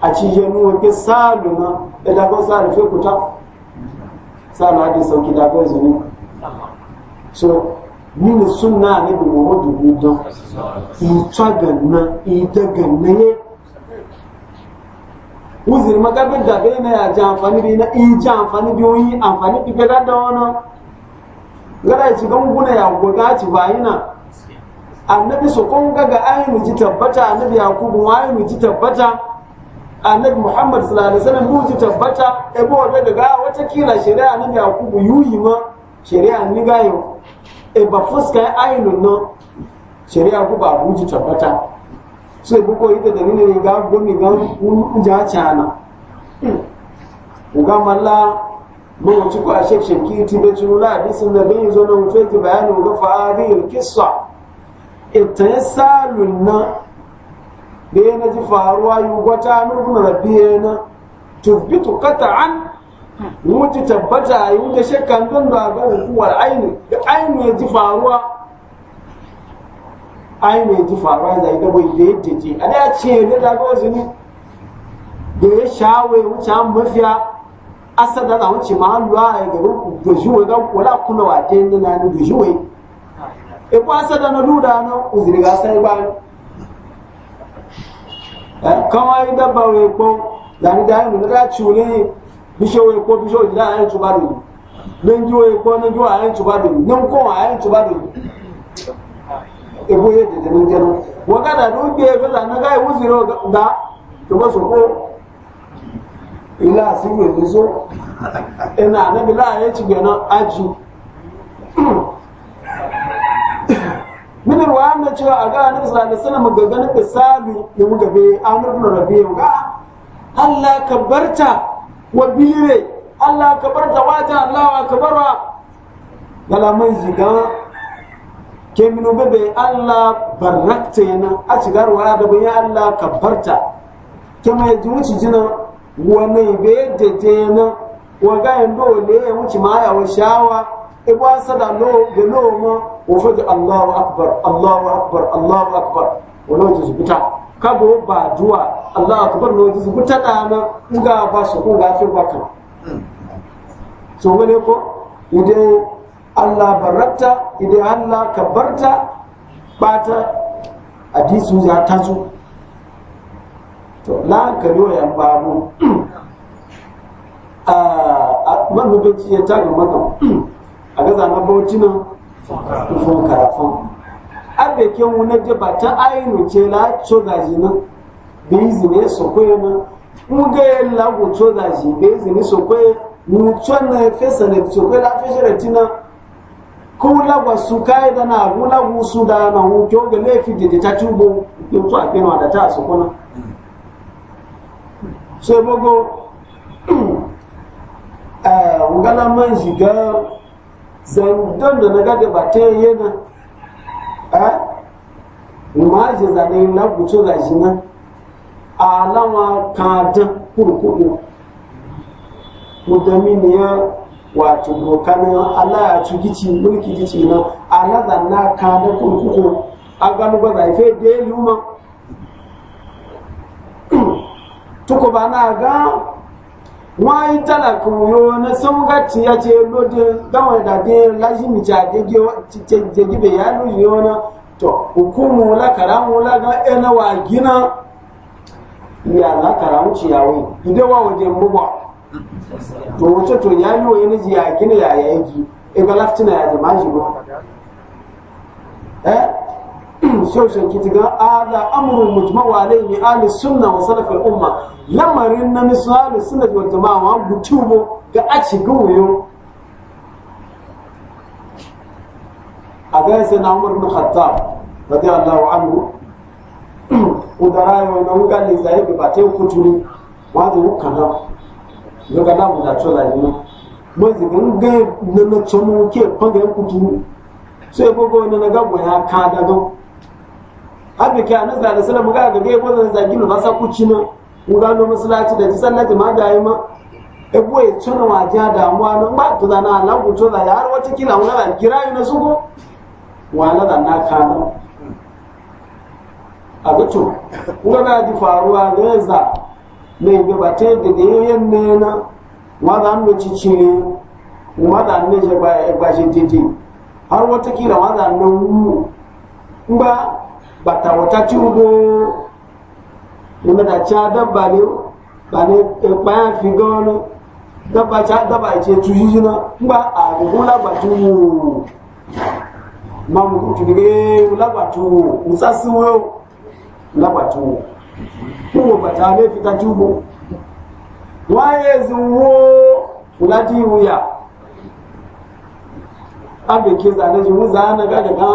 a ci yanu ke saluna na da ko salu fe kuta salu hadin sauki da ko zuni so mini suna ne bi mu dubu don ita ganna ita ye maka bi dabe na ya ji amfani bi na ija amfani bi oyi amfani bi gaga da ìtì kan ci gan guna ya gwaga ci bayi na annabi su gaga ayin ji tabbata annabi yakubu ayin ji tabbata annabi muhammad sallallahu alaihi mu tabbata ebo da daga wata kila shari'a annabi yakubu yuyi ma shari'a ni gayo e ba fuska ya ainihin nan shari'a ku so abuji tabbata sai ku koyi da dalilin ga gomi ga ja cana ga malla mun ci ko a shek shekiti da cinula hadisin da bin zo nan bayani ga fa'adil qissa ittasalun na ndị na ji faruwa yi gwata min na wuce tabbata ya wuce shakkan don da ga hukuwar aini da aini ya ji faruwa aini ya ji faruwa ya zai dabai da yadda ce a da ce ne da ga wasu ne da ya shawo ya wuce an mafiya asa da za a wuce ma hannuwa ya ga ruku da juwe ga kula kula wa ta yin na ni da juwe e ko asar da na duda na uzuri ga sai ba ni eh, kawai dabba wai ko da ni da yi ne da ciwo ne bishiyoyi ko bishiyoyi da ayan tuba da ni nan jiyoyi ko nan jiyoyi ayan tuba da ni nan ko ayan tuba da ni ibu ye da nan jano waka da duk ke ba da na ga e wuziro da to ba so ko ila sun yi so ina e na bila ya ci gana aji minar wa da cewa a ga annabi sallallahu alaihi wasallam gaganin misali da muka be amur bin rabi'u ga Allah ka barta wa bire Allah ka bar ta wajen Allah ka bar wa galaman ziga kemino bebe Allah barakta yana a cigar wa da bayan Allah ka barta kema ya ji wuce jina wani be da tena, wa ga yin dole ya wuce ma ya washawa ibuwa e sada da lo ma wa faɗi Allahu akbar Allahu akbar Allahu akbar wani wuce su kago ba duwa Allah akbar no ji ku ta dana ga ba su ku ga fi baka so wani ko idan Allah barata, idan Allah kabarta bata hadisu ya tazo to la ka yo yan babu ah, a wannan bai ci ya tare maka a ga na bauchi nan fon abe ke wuna je bata ainu ce la cho da na? be izini so ko yana muge la go cho da ji be izini so ko mu cho na fesa la fesa tina ko la wa su kai da na go la go su da na hu kyo ga le fi de ta tubo yo to na da ta so ko na so e bogo eh na man jiga zan don na eh maji zane na gucu ga shi nan alawa kadan kurkuku ne ya wato dokanin ala ya ci gici mulki gici na ala zanna kadan kurkuku a gano ba zaife da ya luma tuku ba na ga wọ́n tálàkù yóò ní sọ́mùgá tí a ya lóde gáwọn ìdàbí lájìmìjà ya yá ya yóò ní tọ̀ hukumu lákàrá wọn ya ẹnà wà ya ìyá lákàrá wọn ci yàwó ìdẹ́wà òde to wọ́n tó ya ya yẹ ya ya gínà ya yà igi ẹgbẹ́ ya shawshan kiti ga ada amrun mujma'u alayhi min ahli sunna wa salaf al umma lamarin na misali sunna wal jama'a wa gutubo ga aci goyo aga sai na umar bin khattab radiyallahu anhu udarayo na uga le zai ba bate kuturu wa zo kana yoga da mu da chola ni mo zigin ga na na chomu ke panga kuturu sai gogo na na ga ya ka daga haɓe ke anu zane sala muga ga ga ko zan zagi lu masa kuci na muga no masallaci da ji ma da yi ma e bo e tsona wa ja da mu anu to da na Allah ku to da wata kila wala da kirayi na suko wala da na kana a ga to na ji faruwa ne za ne ga da da ne na wa da an ci ci ne wa da an ne bata wata tí ó gbóó wọ́n dà tí a dábà ní fi gan ní dábà tí a dábà ìtì yíyí náà ńgbà àgbègbè lágbàtú wò máa mú kùtù gẹ́gẹ́ lágbàtú wò wò lágbàtú wò bàtà alẹ́ fi ta tí ó gbó wọ́n á yẹ ẹ̀sìn wó wùlájí ìwúyà abèké zàlẹ́jì wọ́n zàánà gàgàgà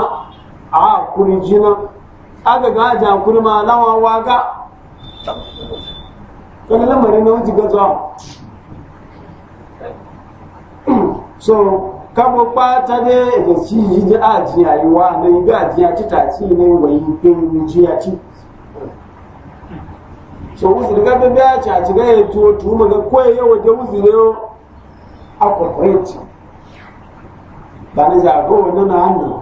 àkùrìjì náà aga ga jankuri ma lawa waga wani lamari na wuce gaza so kabo pata de da ci yi ji aji yayuwa na yi ga aji ya ci taci ne wayi bin ji ya ci so wuce daga bebe ya ci a ci ga ya tuwo tuwo ga koyi yawa da wuce ne a corporate ba na jago wani na hannu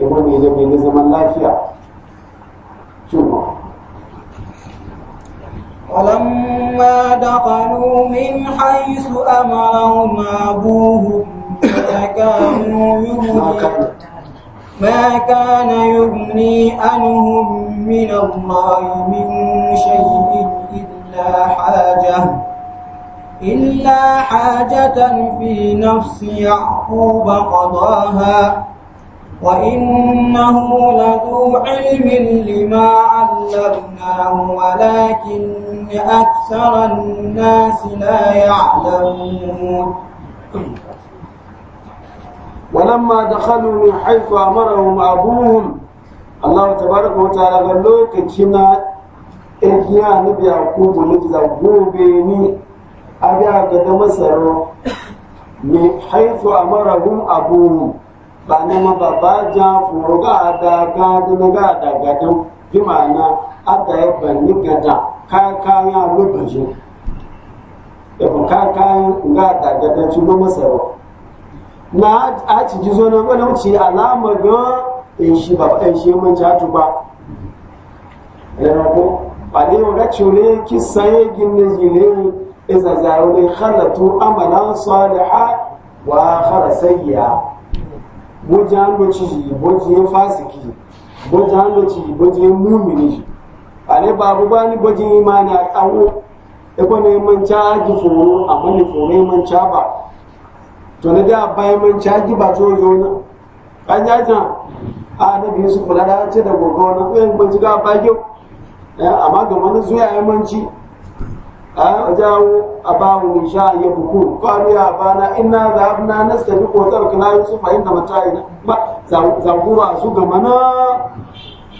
kuma mai da mai zaman lafiya cewa ولما دخلوا من حيث أمرهم أبوهم ما كانوا يغني ما كان يغني عنهم من الله من شيء إلا حاجة إلا حاجة في نفس يعقوب قضاها وإنه لذو علم لما علمناه ولكن أكثر الناس لا يعلمون ولما دخلوا من حيث أمرهم أبوهم الله تبارك وتعالى قال لك كنا إجيا نبي يعقوب نجد أبوبيني أجا قد مسروا من حيث أمرهم أبوهم bana ma ba ba ja furu ga da ga da ga da ga da bi ma'ana ada ya ban ni ga da ka ka ya lokacin ya ba ka ka ga da ga da ci ba masa ba na a ci ji zo na wani wuce alama ga in shi ba in shi mun ja tu ba yana ko ba ne ga cure ki sai gine gine iza zaru ne khalatu amalan salihah wa akhara sayyi'a boji handoci yi boji yin fasiki yi boji handoci yi boji yin mumini ji a ne babu ba ni boji yin imani a kawo ebo ne man caji foro amma ni foro man ca ba to ne da bayan man caji ba to yo na kan ya jan a na biyu su fulada da ce da gogo na ko yin boji ga ba yau amma ga mana zuya yamanci وجاءوا أباه من شاء يبكون قالوا يا أبانا إنا ذهبنا نستبق وتركنا يوسف عند متاعنا زغورا سوغا منا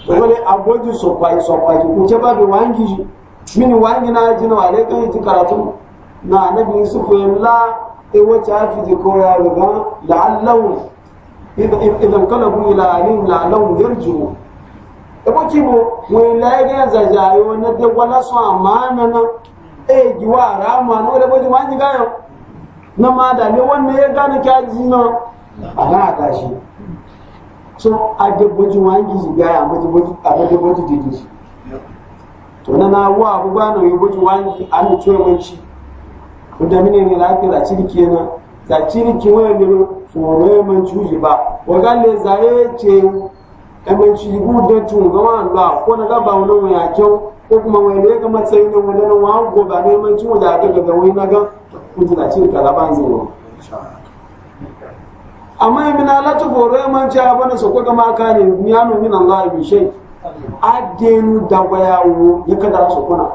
wani abuji sokwai sokwai ku ce ba da wangi mini wangi na jina wa ne kan yi karatu na annabi yusuf ya la e wace hafi ji ko ya riga da allahu idan kana bu ila alim la allahu e na wala na e giwa rama no da boji wani gayo na ma da ne wannan ya gane ka ji no ana shi so a da wani ji gaya a boji boji ji ji to na na wa abu ba no boji wani an to yawanci ko da mine ne lafi da ciki kenan da ciki wani ne foro ba wa galle zaye ce kamanci gudun tun gama ko na gaba wani ya kyau ko kuma wai ne ga matsayin nan wani nan wa goba neman ciwo da aka daga wani na ga mutu na cin kalaban zuwa amma yi mina lati horo ya manci a bane su kuka maka ne ya nomi nan za a bi shai adenu da wayawo ya kada su kuna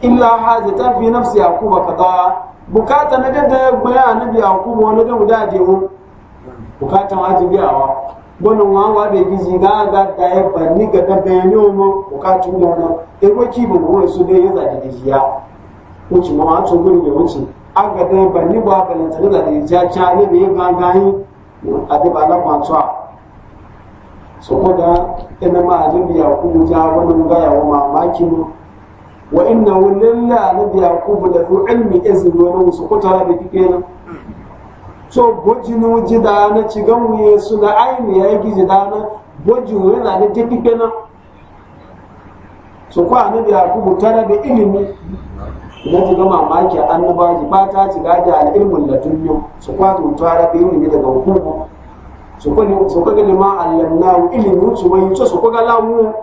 illa haji ta fi nafsi yakuba kaza bukata na gaggaya gbaya na biya kuma wani da mu dajewo bukatan haji biyawa bọ́nà wọn wá lè gbèsè gáàgá da ẹ̀fà ní gàdá bẹ́ẹ̀ ní ọmọ bùkátù ní ọ̀nà ewé kí ìbòmọ́ èso dé yẹ́ zàdìdì yá ó tì mọ́ wọn á tó gbóyè yẹ̀ ó tì agàdá ẹ̀fà níbo abẹ̀lẹ̀tẹ̀ ní zàdìdì yá kí alẹ́ bẹ́ẹ̀ gáàgá yín adébà alápàtọ́ à sọ́kọ́dá ẹnà máa níbi àkúbù já wọn gáyà wọn máa kí wọ́n ìnáwó lẹ́lẹ́ lẹ́fọ́ so gojinu ji na ci su suna ainu ya yi ji dana wuye yana da ta fife na? so kwa annabi ya kubu tara da ilimi na ci gama maki annaba ji ba ta ci gaji a ilimin da yau so kwa to tara da ilimi daga hukumu so kwa ne so kwa gani ma allanna ilimi su mai so so kwa lawo?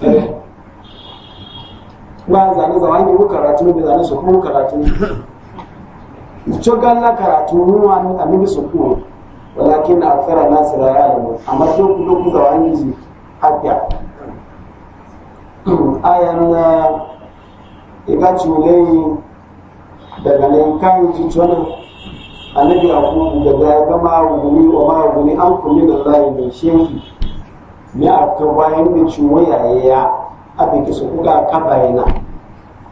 Eh. ba zane zawani ko karatu ne zane so ko karatu cogalla karatu nuwa ni annabi su kuma walakin aksara nasu la ya'lamu amma sai ku zo ku zawa ni ji hadda ayan na iga culai daga nan kan ji tona annabi aku da daga ga ma wuni wa ma wuni an kulli da layi mai shehi ne a to bayan da ciwo yayaya a ki su kuka kabayina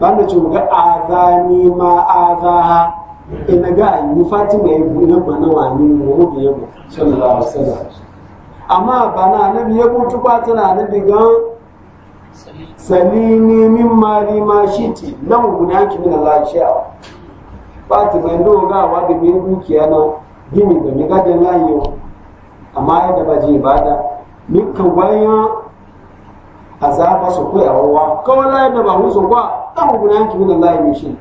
banda ci ga azani ma ha ina ga ni fatima ya bu na bana wani mu mu biye mu sallallahu alaihi wasallam amma bana annabi ya butu fatina annabi ga salini min mali ma shiti nan guna ki min Allah shi'a fatima ndo ga wa da bi dukiya na gimi ga mi ga da layo amma ya da baje ibada min kan bayan azaba su kuwa wawa kawai layar da ba mu so kwa dan hukuna yanki wunan layar mai shi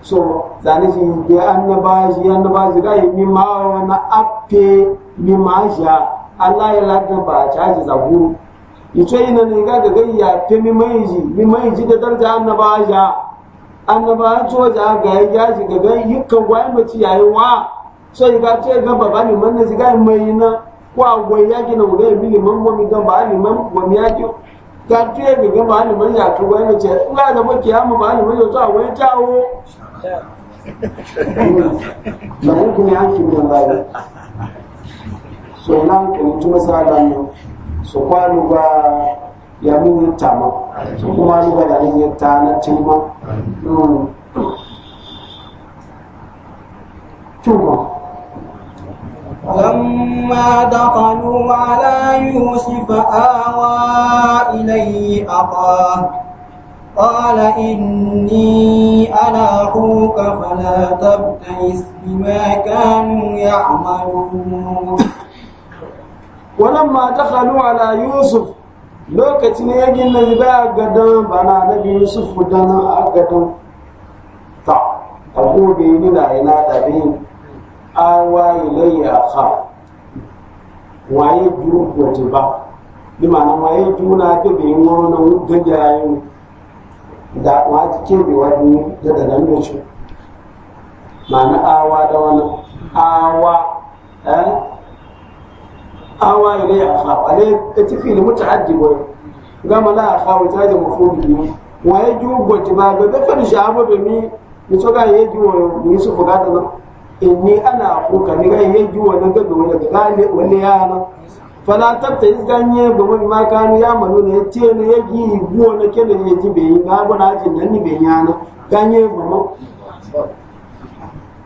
so zane shi ya ba shi na ba shi ga yi mimma na appe mimma shi Allah ya lagar ba a caji zagu yi co yace ina ne ga ga gayya ta mimman ji mimman ji da darja an na ba shi an na ba annaba to ja ga ya shi ga ga yikkan gwai mace yayi wa so ga ce ga baba ne manne shi ga mai na ko agwai yaki na wuga bi liman wa mi gamba liman wa mi yaki ka tuye mi gamba liman ya to wani ce ina da baki ya mu ba liman ya to agwai tawo na hukun ya ki mun lai so nan ko da mu, so kwalu ba ya mun tama so kuma ni ba da ni ta na tuma Tchau, hmm. لما دخلوا على يوسف آوى إليه أخاه قال إني أنا أخوك فلا تبتئس بما كانوا يعملون ولما دخلوا على يوسف lokacin ya gina ba gadon bana na biyu su fudana a gadon ta a gobe ni na yana da biyu awa ilayya akha waye biyu gote ba bi ma'ana waye juna ke be yin na nan gajara yin da wa ke bi wani da da nan da shi ma'ana awa da wani awa eh awa ilayya akha wale ka ci fili muta'addi boy gama la akha wa ta da mafudi biyu waye biyu gote ba ga da fa da sha'aba bi mi ni so ga ye biyu ni su fuga da na inni ana kuka ni ga yin juwa na gabe wani ga gane wani yana fala tabta izganye ga wani ma kanu ya malu ne yace ne ya gi guwa na kele ya ji bai ga ba na ji nan ni bai yana ganye ga mu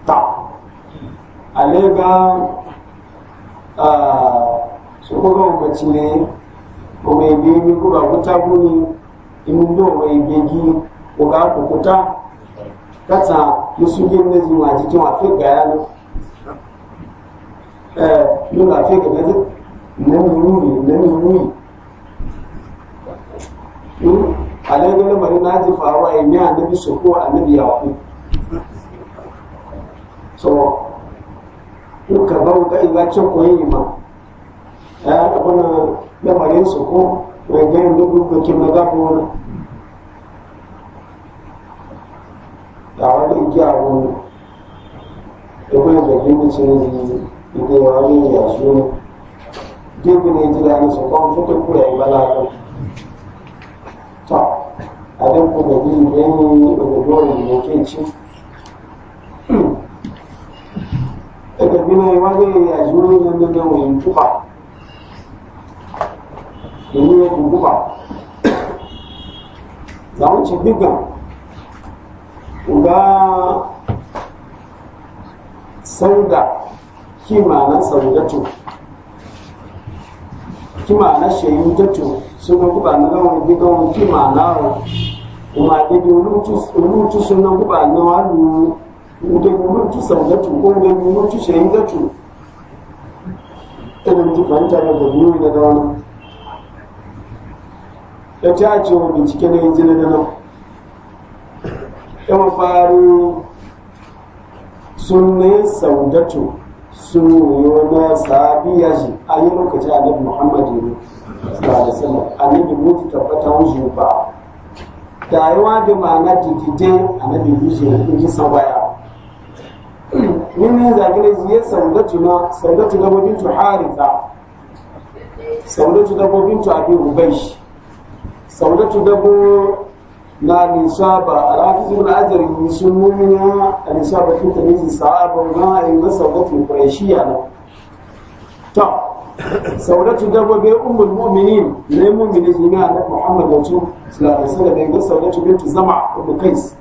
ta alega ah so ko ga mu ci ne ko mai bi ko ga kuta guni in do mai bi gi ko ga ko kuta kata musugin na zuwa jikin a fi gaya na eh nuna fi ga na na nuni na nuni a lagos lamarin na ji faruwa ya yi annabi su ko annabi ya ku so kuka ba ga ilacin koyi ma eh abuna lamarin su ko wai ga yin dubu ko kin ga gabo làwọn lè gé àwọn ẹgbẹ́ ìgbẹ̀gbẹ́ ní ti ìdè wọn ní ìyàsú débù ní ìdílé àti sọ̀kọ́ fún tó kúrẹ̀ ìgbàlá lọ. tọ́ adékùnrin bí ìgbẹ́ ní òdòdó ìlú kéjì. ẹgbẹ̀gbẹ́ ní wáyé ìyàsú ní gbogbo ìwọ̀n ìtúpa ìlú ẹ̀kùnkùpa làwọn ti gbígbà. ga sauda kimanin saudatu kimanin shayudatu suna guba na lawan gidan kimanawa kuma da rutu suna guba na wani da rutu saudatu ko da rutu shayudatu irin jifanta da biyu da wani ya ta ce wa bincike na yanzu na nan yan faru sunnin saudatu sun yi na sabiya shi a yi lokaci a nabi muhammadu ne a da sallam annabi mutu tabbata wuce ba da wa da ma'ana dikite annabi wuce in ji sawaya wani zagi ne ziyar saudatu na saudatu na gobin tu harita saudatu na gobin tu abin ubaishi saudatu na gobin na nisaba alhafizu na ajari sun mumina a nisaba fi ta nisi sa'aba na a yi na saudatu kurashiya na ta saudatu dabbabe umul muminin na yi mumini shi ne a na muhammad wato sulafisa da bai ga saudatu bintu zama abu kais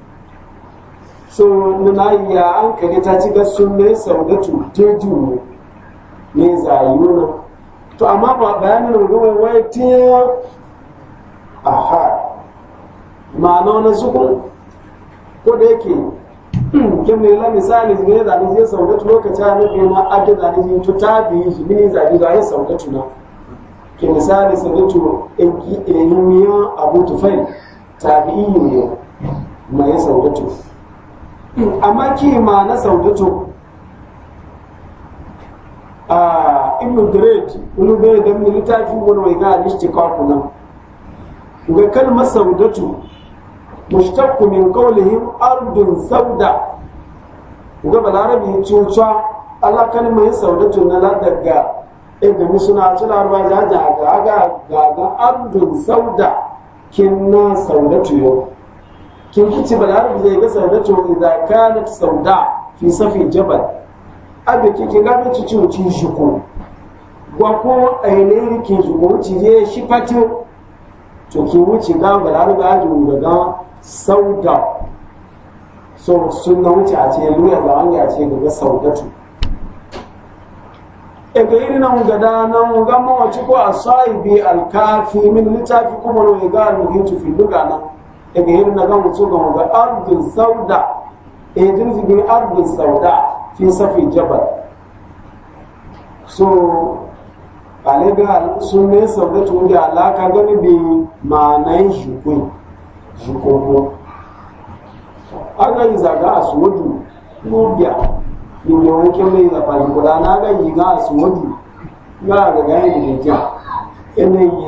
so na yi ya an kare ta ci gasun ne saudatu teju ne zayuna to amma ba bayanin ruwa wai tiya aha ma'ana wani sukun ko da yake kin ne la misali ne da ni sauka saudatu lokaci a nufi na ake da ni to ta bi shi mini zabi ga sauka tu na ke misali saudatu egi eyin miya abu fai ta bi yi ne ma sauka tu. amma ki ma na tu? a ibn grade wani bai da militafi wani mai ga alishti kakuna ga kalmar tu. مشتق من قولهم أرض سودة وقبل العربي تشوشا الله كان ما يسودة نلا دقا إذا مسنا أتلا أربع جاجا أغا أغا أرض سودة كنا سودة يوم kin kici balarabi zai ga saudatu idza kanat sauda fi safi jabal abe kikin ga bi cici uci shuku gwa ko ainihin kin shuku uci je shi fatiyo, to ke wuce ga balarabi aji ga sauda so sunna wuce a ce luya ga an a ce ga saudatu e ga irin nan ga da nan ga mawaci ko a sahibi alkafi min littafi kuma ne ga almuhitu fi luga na e ga irin na ga mutu ga ga ardun sauda e dirzi bi ardun sauda fi safin jabal so ale ga sunne saudatu da alaka gani bi ma'anan shi zukoko agayiza ga asuwadu nubya nubya wake mai na fazikola na agayi ga asuwadu ga ga gani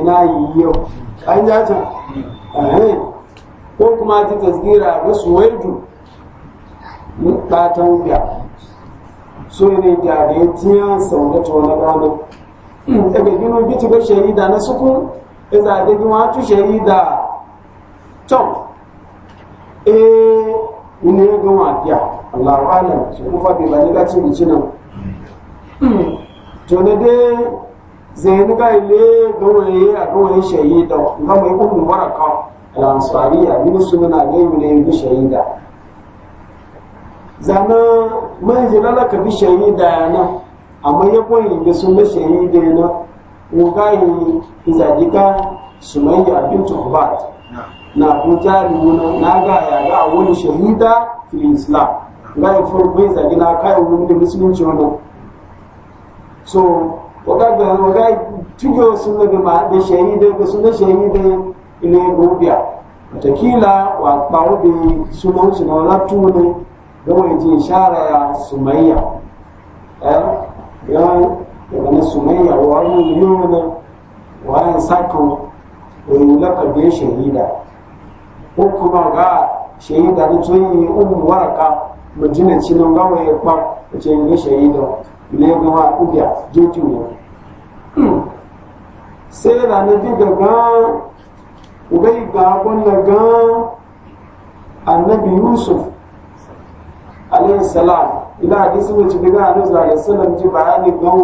na yi yau an ja ko kuma ta tasgira ga suwaidu biya so ne da ga ya tiya sau da tona gano daga na sukun iza da gino watu to eh ne ga mafiya Allahu alam su kufa bai bani ga cin bicina to ne dai zai ni ga ile ga a ga waye shahida ga mai ummu baraka al-ansariya min sunna ga yi ne shahida zana man jilala ka bi shahida amma ya da ko ga yi sumayya bintu hubat na ko jari wani na ga ya ga wani shahida fil islam ga ya farko ya zagi na kai wani da musulunci wani so waga ga waga tugo sun da ma da shahida da sun da shahida ne gobiya watakila wa bawo da wuce su na latu ne da wani ji shara ya sumayya eh, ya daga sumayya wa wani yona wa ya sako wani lakabin shahida hukuma ga shahida ni tun yi umu waraka mujina cinin gawa ya kwan a ce ne shahida ne ubiya jokin ne sai da na diga gan ubai ga gan annabi yusuf alayhi salam ila hadisi mai cikin ga annabi sallallahu alaihi wasallam ji bayani gan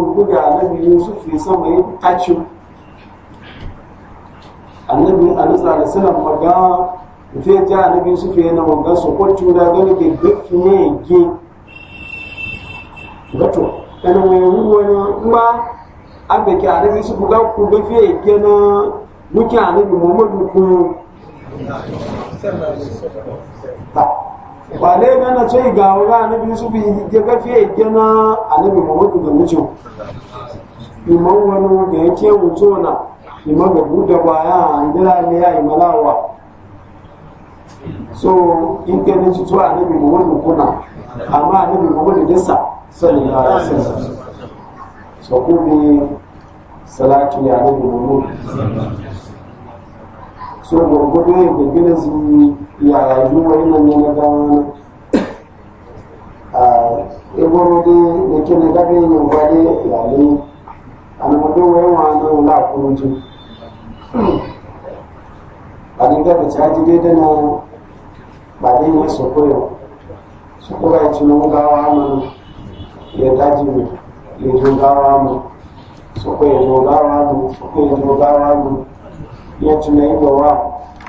annabi yusuf ya san mai tacin annabi salam fe ja anabi su fe na wanga su ko cuda gani ke gaki ne gi gato ana mai wani ba abe ke anabi su buga ku ga fe gi na muke anabi muhammadu ku ba ne ce ga anabi su bi ga na anabi muhammadu da imam wani yake imam buɗe ne ya so in ganin ci tuwa annabi muhammadu kuna amma annabi muhammadu nisa so ku bi salatu ya annabi muhammadu so gurgudu ya gina su ah, ya yayu wani nan ne na gawa a iboro dai da ke na gabe yin gwade yale anamadu wani wani wula kurujin a dinga da caji daidai na baadaye ni sokoyo sokoba itinongawamo yedajimi yejongawamo sokoyejongawamo sokoyejongawamo yetunaibowa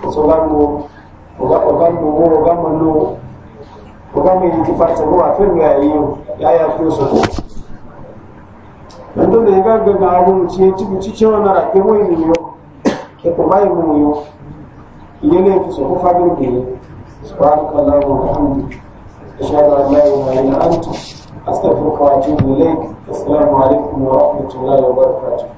osobamo ogamuwo ogamano ogamuyitifatsago afengayiyo yayafiyo soko nanto neigagagaabo iye Ɗa magana da muhimmi, ɗauke da marayu mai na'ar ake buƙaci